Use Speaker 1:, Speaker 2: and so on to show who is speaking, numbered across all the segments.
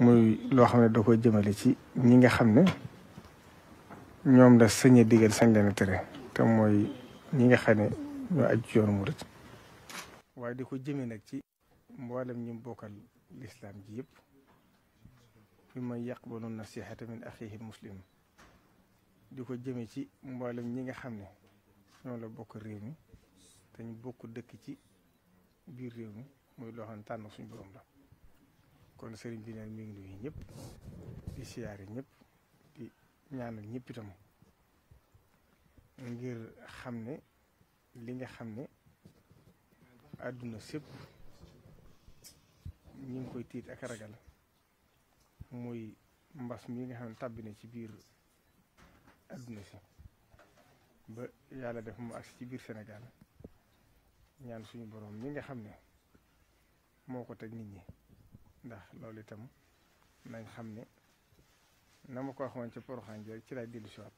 Speaker 1: muy loo xam ne da koy jëmale ci ñi nga xam ne ñoom la sañ a digal sañ leen a tere te mooy ñi nga xam ne ñoo aju ci yoonu murit waaye di ko jëmee nag ci mboolem ñi bokkal lislaam ji yëpp bi may yaqbalu nasihata min axihi muslim di ko jëmee ci mboolem ñi nga xam ne ñoo la bokk réew mi te ñu bokk dëkk ci biir réew mi muy loo xam ne tànn suñu borom la kon sëriñ bi neen mi ngi nuyu ñëpp di siyaare ñëpp di ñaanal ñëpp itam ngir xam ne li nga xam ne àdduna sépp ñu ngi koy tiit ak ragal muy mbas mi nga xam ne tàbbi ci biir àdduna si ba yàlla def mu agsi ci biir Sénégal ñaan suñu boroom mi nga xam ne moo ko teg nit ñi ndax loolu itam nañ xam ne na ma ko wax woon ci poroxaan jooju ci lay dellu siwaat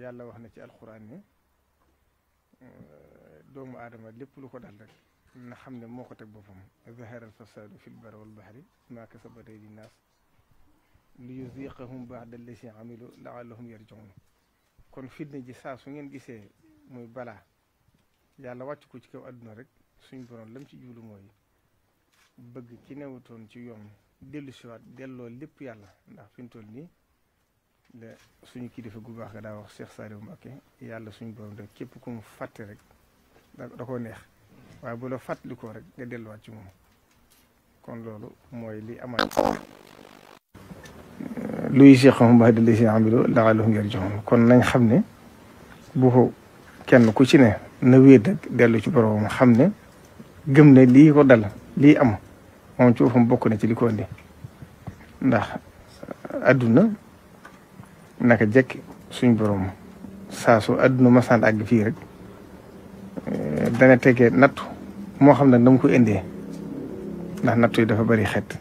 Speaker 1: yàlla wax na ci alxuraan ni doomu aadama lépp lu ko dal rek na xam ne moo ko teg boppam zahara alfasadu fi lbari walbahri ma kasabat di naas li yuziqahum ba'da lesi amilu la'allahum yarjoun kon fitna ji saa su ngeen gisee muy balaa yàlla wàcc ko ci kaw àdduna rek suñ borom lam ci jublu mooy bëgg ci newutoon ci yoon dellu siwaat delloo lépp yàlla ndax fi mu toll nii la suñu kilifa gu baax ga daa wax Cheikh Saliou Mbacké yàlla suñu borom rek képp ku fàtte rek da da neex waaye bu la ko rek nga delluwaat ci moom kon loolu mooy li amaat luy si xam baax di si ambiloo laxalu ngir joxoon kon nañ xam ne bu kenn ku ci ne na wéet rek dellu ci borom xam ne gëm ne lii ko dal lii am moom ci bokk na ci li ko indi ndax adduna naka jëkk suñ borom saa su ma masaan àgg fii rek eh, dana tegee nattu moo xam ne dama ko indee ndax nattu yi dafa bari xet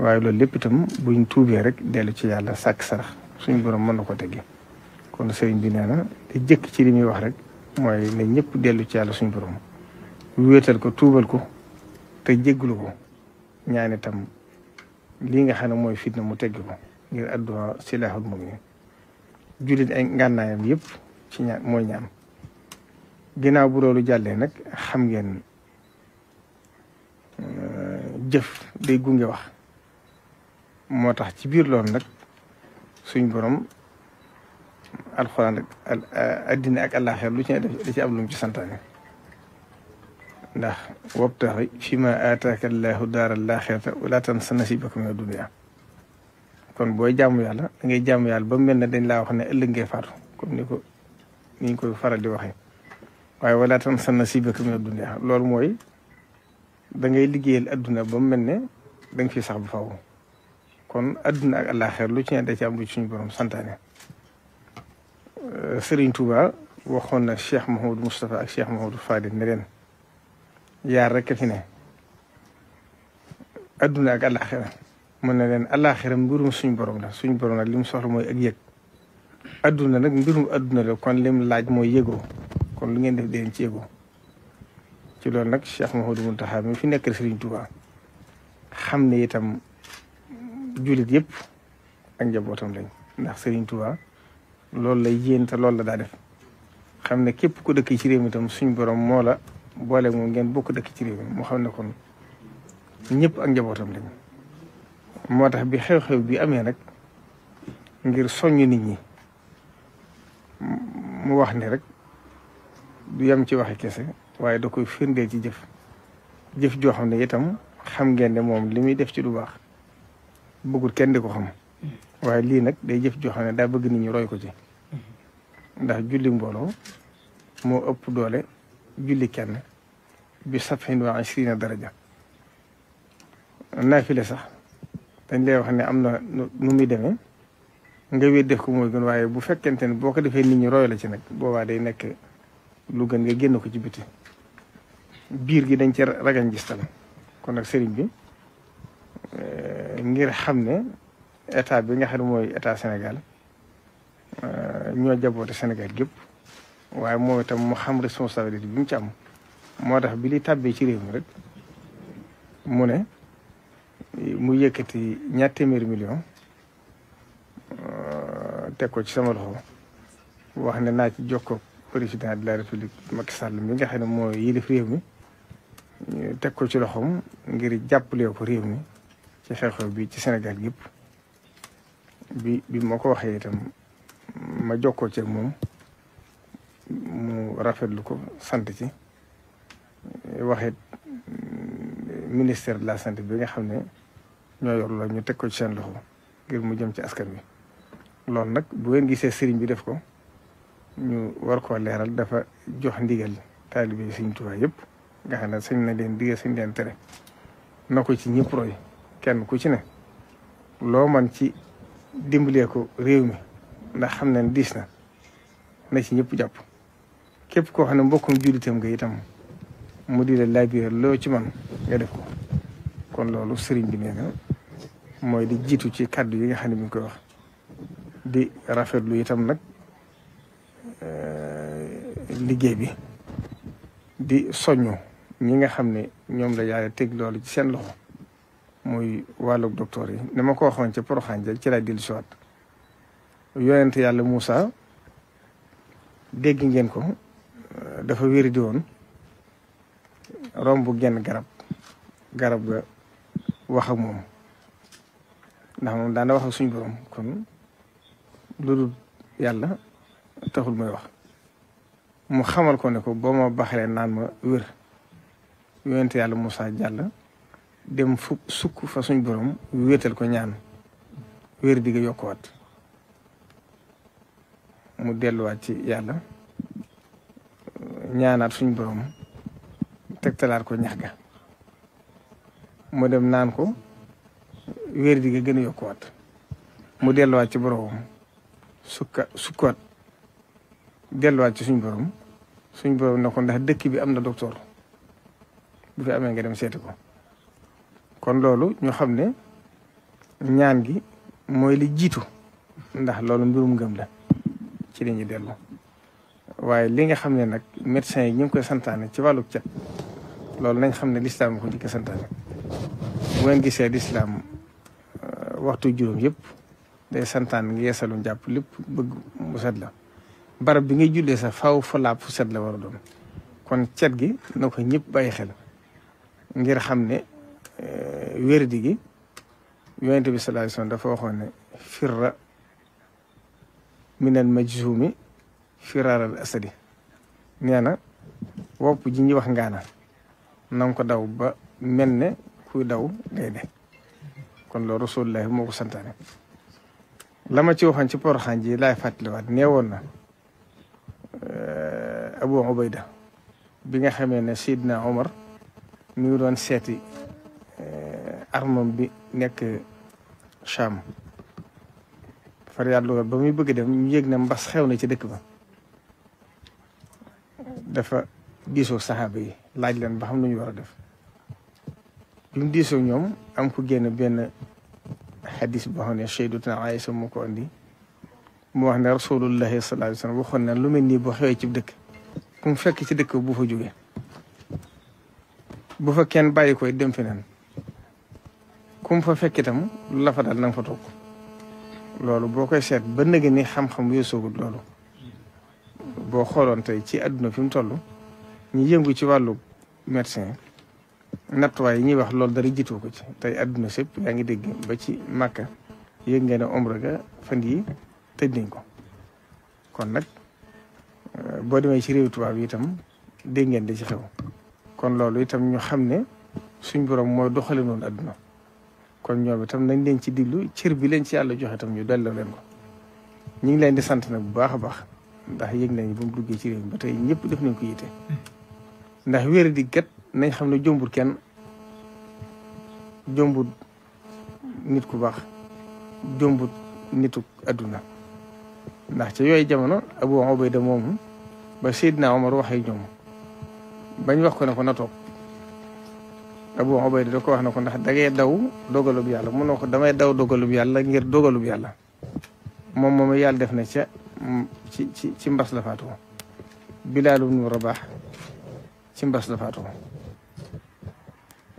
Speaker 1: waaye loolu lépp itam buñ tuubee rek dellu ci yàlla sàkk sarax suñ borom mën na ko tegee kon sëriñ bi nee na jëkk ci li muy wax rek mooy ne ñëpp dellu ci yàlla suñ borom wéetal ko tuubal ko te jégglu ko ñaan itam lii nga xam ne mooy fitna mu tegg ko ngir adduha silaaxul mu'min jullit ay ngànnaayam yépp ci ñaan mooy ñaan ginnaaw bu loolu jàllee nag xam ngeen euh, jëf day gunge wax moo tax ci biir loolu nag suñ borom alxuraan ak addina ak àllaaxira lu ci def da ci lu ci santaane ndax wabtaxi fi ma aataaka allahu daara laaxirata wala tansa nasibaka mina dunya kon booy jaamu yàlla da ngay jaamu yàlla ba mel ne dañ laa wax ne ëllëg ngay faatu comme ko ni ñu koy faral di waxee waaye wala tansa nasibaka mina loolu mooy da liggéeyal adduna ba mel ne da nga fi sax bu faaw kon adduna ak àllaaxira lu ci ne ci am lu ci suñu borom santaane Serigne Touba waxoon na Cheikh Mouhamadou Moustapha ak Cheikh Mouhamadou Fadil ne leen yaar rek fi ne adduna ak àllaaxira mun na leen àllaaxira mbirum suñ borom la suñ borom nag li mu soxla mooy ak yëg adduna nag mbirum adduna la kon lim laaj mooy yëgoo kon lu ngeen def deen ci yëgoo ci loolu nag Cheikh Mouhamadou Mountakha mi fi nekkal Serigne Touba xam ne itam julit yëpp ak njabootam lañ ndax Serigne Touba loolu lay yéen te loolu la daa def xam ne képp ku dëkk ci réew mi itam suñ borom moola boole moom ngeen bokk dëkk ci réew mi mu xam ne kon ñépp ak njabootam lañ moo tax bi xew-xew bi amee nag ngir soññ nit ñi mu wax ni rek du yem ci waxi kese waaye da koy firndee ci jëf jëf joo xam ne itam xam ngeen ne moom li muy def ci du baax bëggul kenn di ko xam waaye lii nag day jëf joo xam ne daa bëgg nit ñi roy ko ci ndax julli mbooloo moo ëpp doole julli kenn bi sab'in wa ishriina daraja naafile sax dañ lay wax ne am na nu muy deme nga wéet def ko mooy gën waaye bu fekkente ne boo ko defee nit ñi royo la ci nag boobaa day nekk lu gën nga génn ko ci biti biir gi dañ ci ragañ gis tal kon nag sëriñ bi eh, ngir xam ne état bi nga xam ne mooy état Sénégal eh, ñoo jaboote senegal gépp waaye moom itam mu xam responsabilité bi mu ci am moo tax bi li tàbbee ci réew mi rek mu ne mu yëkkati ñaar téeméeri million euh, teg ko ci sama loxo wax ne naa ci jokkoo président de la république Macky Sall mi ne moo yilif réew mi teg ko ci loxoom ngir jàppale ko réew mi ci xew-xew bi ci senegal yëpp bii bi moo ko waxee itam ma jokkoo ci moom. mu rafetlu ko sant ci waxit ministère de la santé bi nga xam ne ñoo yor la ñu teg ko ci seen loxo ngir mu jëm ci askan wi. loolu nag bu ngeen gisee sëriñ bi def ko ñu war ko leeral dafa jox ndigal taalibe yi Sëriñ Tuubaa yëpp nga xam ne sañ na leen digal sañ leen tere na ko ci ñëpp roy kenn ku ci ne loo man ci dimbalee ko réew mi ndax xam ne diis na na ci ñëpp jàpp. képp ko xam ne mbokkum jullitam nga itam mu di la laabir loo ci man nga def ko kon loolu sëriñ bi nee mooy di jiitu ci kàddu yi nga xam ne mi koy wax di rafetlu itam nag eh, liggéey bi di soññu ñi nga xam ne ñoom la yàlla teg loolu ci seen loxo mooy wàllug docteur yi ni ma ko waxoon ca Porokhane jël ci laa dellu siwaat yonent yàlla Moussa dégg ngeen ko dafa wéri di woon romb genn garab garab ga wax ak moom ndax moom daana wax ak suñu borom kon loolu yàlla taxul mooy wax mu xamal ko ne ko boo ma baxalee naan ma wér yonente yàlla Moussa jàll dem fu sukk fa suñ borom wéetal ko ñaan wér di nga yokkuwaat mu delluwaat ci yàlla ñaanaat suñ teg talaat ko ñax ga mu dem naan ko wér di ga gën a yokkuwaat mu delluwaat ci boromam sukka sukkuwaat delluwaat ci suñ borom suñ borom na ko ndax dëkk bi am na docteur bu fi amee nga dem seeti ko kon loolu ñu xam ne ñaan gi mooy li jiitu ndax loolu mbirum ngëm la ci li ñu dellu waaye li nga xam ne nag médecins yi ñu ngi koy santaan santaane ci wàllu cet loolu nañ xam ne lislaam ko njëkk a santaane bu ngeen gisee lislaam euh, waxtu juróom yëpp day santaan nga yeesalu njàpp lépp bëgg mu set la barab bi ngay jullee sax faw fa fu set la war a doon kon cet gi na ko ñëpp bàyyi xel ngir xam ne euh, wérdi gi yonente bi sallallahu alayhi wasallam dafa waxoon ne firra minal majzumi firaaral asadi nee na wopp ji ñuy wax ngaana na ko daw ba mel ne kuy daw gaynde kon loolu rasulullahi moo ko santaane la ci waxoon ci poroxaan ji laay fàttaliwaat nee woon na euh, Abu Ubayda bi nga xamee ne Seydina Omar mi ngi doon seeti euh, armam bi nekk Cham far yàlla ba muy bëgg dem ñu yëg ne mbas xew na ci dëkk ba دفا ديسو صحابي لاج لين با خم نيو ورا ديف لوم ديسو نيوم ام كو ген بن حديث با خوني سيدتنا عائشه مكو اندي مو وخنا رسول الله صلى الله عليه وسلم وخنا لو ملني بو خوي سي دك كوم فك سي دك بو فا جوغي بو فا كين باي كوي ديم فينن كوم فا فك تام لا فا دال نان فا توك لولو بوكاي سيت با ني خم خم يوسو لولو boo xooloon tey ci àdduna fi mu toll ñu yëngu ci wàllu médecin nattuwaay yi ñuy wax loolu dara jiitoo ko ci tey àdduna sëpp yaa ngi dégg ba ci màkka yëg ngeen ne omra ga fan yi tëj nañ ko kon nag euh, boo demee ci réew tubaab yi itam dégg ngeen di ci xew kon loolu itam ñu xam ne suñ borom mooy doxale noonu àdduna kon ñoom itam nañ leen ci diglu cër bi leen ci yàlla joxe itam ñu delloo leen ko ñu ngi leen di sant nag bu baax a baax ndax yëg nañu ba mu duggee ci réew ba tey ñëpp def nañ ko yitte ndax wéer di nañ xam ne jombul kenn jombul nit ku baax jombul nitu adduna ndax ca yooyu jamono Abu Ubayda moomu ba Seydina Omar waxee ñoom bañ wax ko ne ko na toog Abu Ubayda da ko wax na ko ndax dangay daw dogalub yàlla mun na ko damay daw dogalub yàlla ngir dogalub yàlla moom moom yàlla def na ca ci ci ci mbas la faatu Bilaal ibnu Rabaah ci mbas la faatu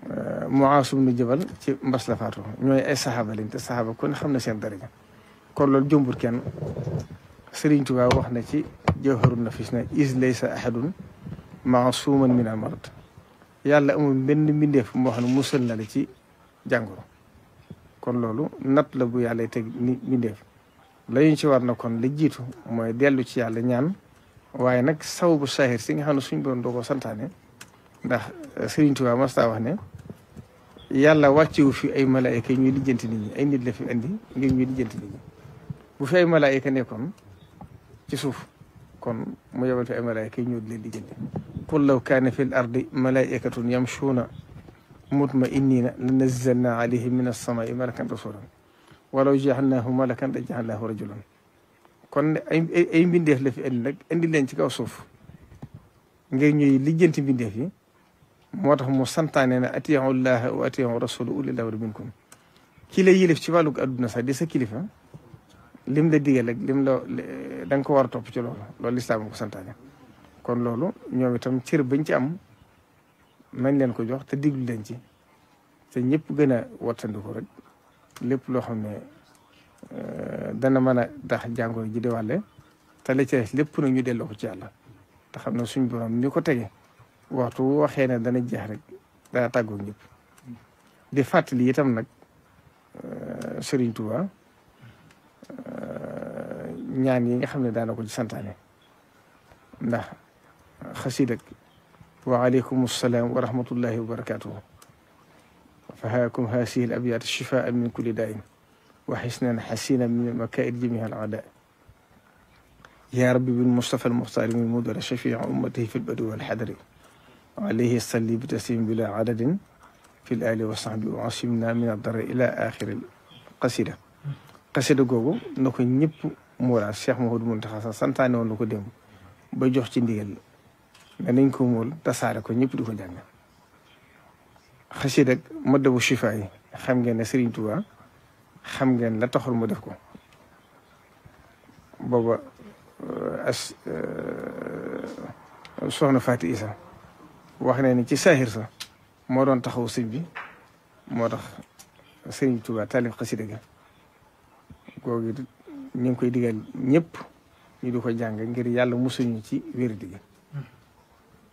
Speaker 1: euh, Muaas ibnu Jabal ci mbas la faatu ñooy ay saxaaba lañ te saxaaba kon xam na seen daraja kon loolu kenn Sëriñ Tuubaa wax na ci jawharu nafis na is laysa ahadun maasuman min al marad yàlla amul benn mbindeef moo xam ne musal na la ci jàngoro kon loolu natt la bu yàlla teg mbindeef la ñu ci war kon li jiitu mooy dellu ci yàlla ñaan waaye nag saw bu saaxir si nga xam ne suñ borom doo ko santaane ndax eh, Sëriñ Tuubaa wax ne yàlla wàccewu fi ay malaayika ñuy lijjanti nit ñi la fi indi ngir ñi bu fi ay malaayika nekkoon ci suuf kon mu yebal fi ay malaayika ñëw di leen lijjanti qul law kaana fi l ardi malaayikatun yamshuuna mutma'inniina la na alayhim min as-samaa'i malakan rasuulan walaw jaalnaahu malakan la jaalnaahu rajulan kon ay ay mbindeef la fi indi nag indi leen ci kaw suuf ngir ñuy lijjanti mbindeef yi moo tax mu santaane na atiiu llaha solo atiiu rasula ulil amri minkum ki la ci wàllug adduna sax di kilifa lim la digal ak lim la da nga ko war a topp ci loolu loolu lislaam ko santaane kon loolu ñoom itam cër bañ ci am nañ leen ko jox te diglu leen ci te ñëpp gën a wattandiku rek lépp loo xam ne euh, dana mën a tax jàngoro ji di wàlle te li ci lépp nag ñu delloo ko ci yàlla te xam ne suñ borom ni ko tege waxtu waxee ne dana jeex rek dana tàggoo ñëpp di fàttali itam nag euh, Serigne tuba euh, ñaan yi nga xam ne daana ko ci santaane ndax xasiid ak wa aleykum salaam wa rahmatullahi wa barakaatuhu فهاكم هذه الأبيات الشفاء من كل داء وحسنا حسينا من مكائد جميع العداء يا ربي بالمصطفى المختار من مدر شفيع أمته في البدو والحدر عليه صلي بتسليم بلا عدد في الآل والصحب وعصمنا من الضر إلى آخر القصيدة قصيدة googu نكو نيب مورا الشيخ مهود Mouhamadou سنتاني ونكو ديم بجوح na ko démb ba jox ci ndigal ne خشيدك مدة وشفاء خم جن سرين توا خم جن لا تخرج مدفكو بابا أس سوهن فاتي إسا واحنا نيجي ساهر سا مرون تخو سيبي مرخ سرين توا تالي خشيدك قوي نيم كوي دجال نيب يدو خو جانغ غير يالله مسوي نيجي ويردي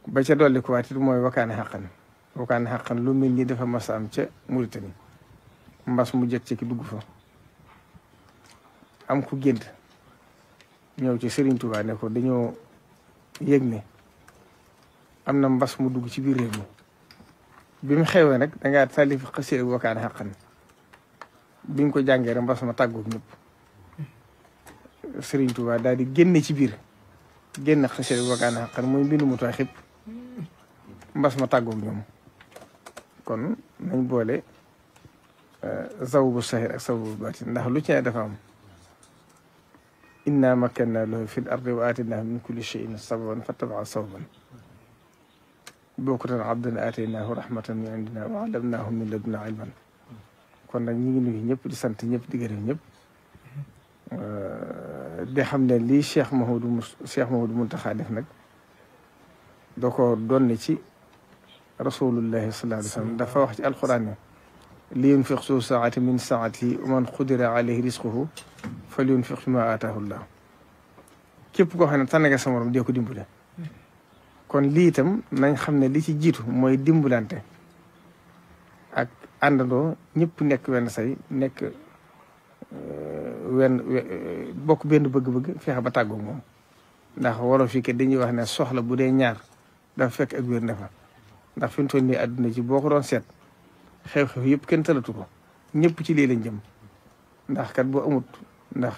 Speaker 1: بشر دولة كواتي دمو يبقى أنا wa kaana lu mel ni dafa massa am ci Mauritanie mbas mu jot ci ki dugg fa am ku gént ñew ci Serigne Touba ne ko dañu yegne amna am na mbas mu dugg ci bir rew mi bimu xewé nak da nga salif xasee wa kaana xaqan ko jangé re mbas ma taggu ñep Serigne Touba di génne ci bir génn xasee wa kaana xaqan mooy mu tooy xib ma tàggoog ñoom kon nañ boole saw bu sahir ak saw bu baatin ndax lu ci ne dafa am inna makanna lahu fi l wa aataynaahu min kulli cheyin sababan fattabaa sababan bokkatan abdan aataynaahu rahmatan min indina wa allamnaahu min ladunna ilman kon nag ñu ngi nuyu ñëpp di sant ñëpp di gërëm ñëpp di xam ne lii Cheikh Mouhamadou Cheikh Mouhamadou Mountakha def nag da ko doon ci رسول الله صلى الله عليه وسلم دفع وقت القرآن لينفق سوء ساعة من ساعته ومن قدر عليه رزقه فلينفق ما آتاه الله كيف كوحنا تانيك سمرم ديكو ديمبولا كون ليتم نان خمنا لي تي جيتو موي ديمبولا انت اك اندو نيب نيك وين ساي نيك آه، وين آه، بوك بين بغ بغ فيها با تاغو مو نداخ ورو فيك ديني واخني سوخلا بودي نيار دا فيك اك وير نفا ndax fi mu toll nii àdduna ji boo ko doon seet xew-xew yëpp kenn talatu ko ñëpp ci lii lañ jëm ndax kat boo amut ndax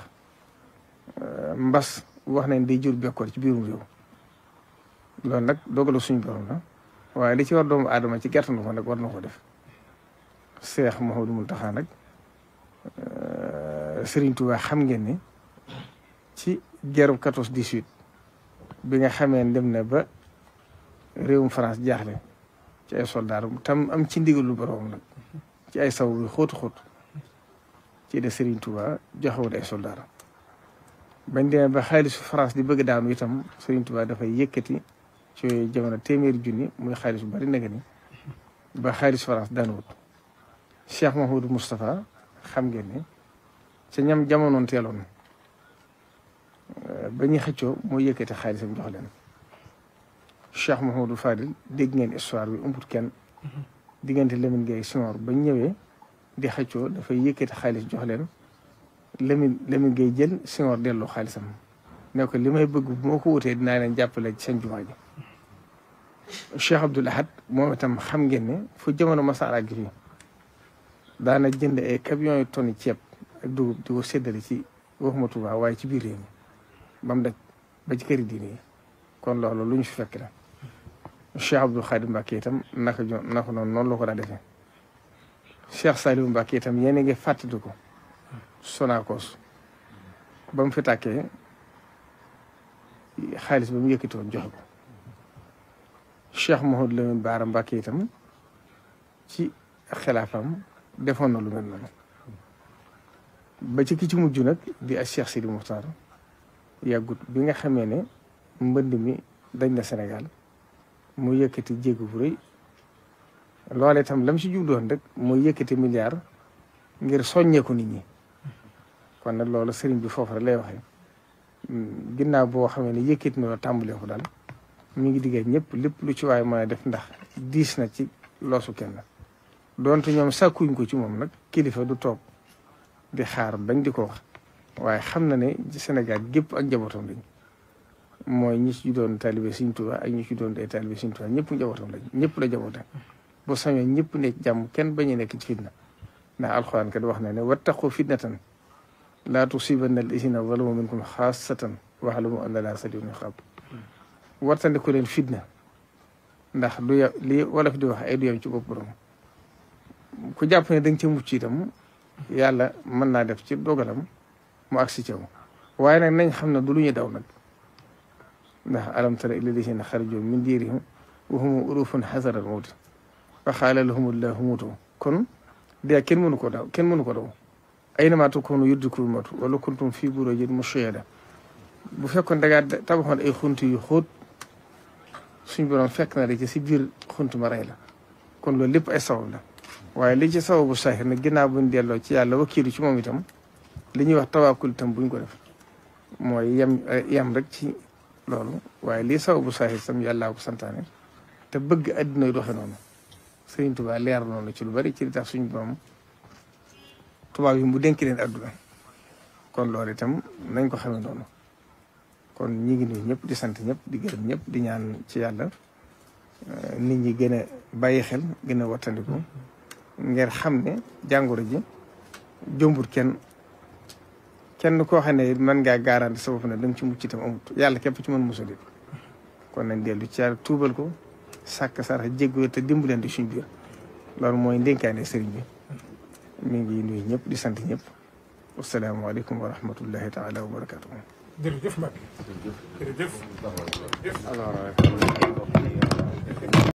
Speaker 1: euh, mbas wax nañ day jur bekkoor ci biirum réew loolu nag dogalu suñ borom la waaye li ci war doomu aadama ci gerte na ko nag war na ko def Seex Mouhamadou Mountakha nag euh, Serigne Touba xam ngeen ni ci gerub 14 18 bi nga xamee dem na ba réewum France jaaxle ci ay soldaar tam am ci ndigalu borom nag ci ay saw bi xóotu xóot ci de Serigne Touba joxewul ay soldaar bañ demee ba xaalis France di bëgg daanu itam Serigne Touba dafay yëkkati ci jamono téeméeri junni muy xaalis bu bari nag ba xaalis France daanuwut Cheikh Mahmoud Moustapha xam ngeen ne ca ñam jamonoon teeloon eh, ba ñuy xëccoo mooy yëkkati xaalisam jox leen. Cheikh Mouhamadou Fadil dégg ngeen histoire bi umput kenn diggante Lamine bañ ñëwee di xëccoo dafay yëkkati xaalis jox leen Lamine Lamine Gueye jël Senghor delloo xaalisam ne ko li may bëgg bu moo ko wutee dinaa leen jàppale seen jumaa ji Cheikh Abdoul Ahad moom itam xam ngeen ne fu jamono masaara gi fii daana jënd ay camions yu tonni ceeb ak dugub di ko séddale ci waxuma waaye ci biir réew mi ba mu daj ba ci këri yi kon loolu lu ñu fi fekk la Cheikh Abdou Khadim Mbacké itam naka jo naka noonu noonu la ko daa defee Cheikh Saliou Mbacké itam yéen a ngi fàttali ko Sonacos ba mu fi tàkkee xaalis ba mu yëkkatoon joxe ko Cheikh Mouhamadou Lamine Bara Mbacké itam ci xilaafam defoon na lu mel noonu ba ci ki ci mujj nag di ak Cheikh Sidi Moukhtar yàggut bi nga xamee ne mbënd mi dañ na Sénégal mu yëkkati jéego bu rëy loole itam lam si jubloon rek mu yëkkati milliard ngir soññeeku nit ñi kon nag loolu sëriñ bi foofu rek lay waxe ginnaaw boo xamee ne yëkkati na la tàmbalee daal mu ngi diggee ñëpp lépp lu ci waay mën def ndax diis na ci loosu kenn donte ñoom sàkkuñ ko ci moom nag kilifa du toog di xaar bañ di ko wax waaye xam na ne senegal gépp ak njabootam lañ mooy ñi ci doon taalibe Sëriñ Tuubaa ak ñi ci doon ay taalibe Sëriñ Tuubaa ñëpp njabootam lañ ñëpp la jaboote bu sañoon ñëpp nekk jàmm kenn bañ a nekk ci fitna ndax alxuraan kat wax na ne wattaqu fitnatan laa tusibanna allaziina zalamu minkum xaassatan wa'lamu anna llaaha shadiidul iqaab wartandiku leen fitna ndax du ya li wolof di wax ay du yam ci bopp borom ku jàpp ne danga ci mucc itam yàlla mën naa def ci dogalam mu agsi caw waaye nag nañ xam ne du lu ñu daw nag نه نعم، ألم تر إلى الذين خرجوا من ديرهم وهم ألوف حذر الموت فخال لهم الله موتوا كن ديا كن من كدا كن من كدا أينما تكونوا يدركوا الموت ولو كنتم في بروج مشيدة بفكر دعاء تابع عن أي خنت يخد سين بران فكنا ليج سيبير خنت مرايلا كن لليب أسوأنا وعليج سوا بساهر نجنا بند يلا تيا لو كيري شو ميتهم لني وقتها كل تنبون كده ما يام يام ركشي loolu waaye lii sababu saahir sam yàllaa ko santaane te bëgg àddina doxe noonu Sëriñ Tuubaa leer noonu ci lu bari ci li tax suñu borom tubaab yi mu dénk leen àdduna kon loolu itam nañ ko xamee noonu kon ñi ngi nuyu ñëpp di sant ñëpp di gërëm ñëpp di ñaan ci yàlla eh, nit ñi gën a bàyyi xel gën a wattandiku ngir xam ne jàngoro ji jombur kenn kenn ko xam ne mën ngaa garanti sa bopp ne da nga ci mucc itam amut yàlla képp ci mën musal it kon nañ dellu ci yàlla tuubal ko sàkk sarax jéggoo te dimbaleen di suñ biir loolu mooy ndénkaane sëriñ bi mi ngi nuyu ñëpp di sant ñëpp asalaamaaleykum wa rahmatullahi taala wa barakatuh jërëjëf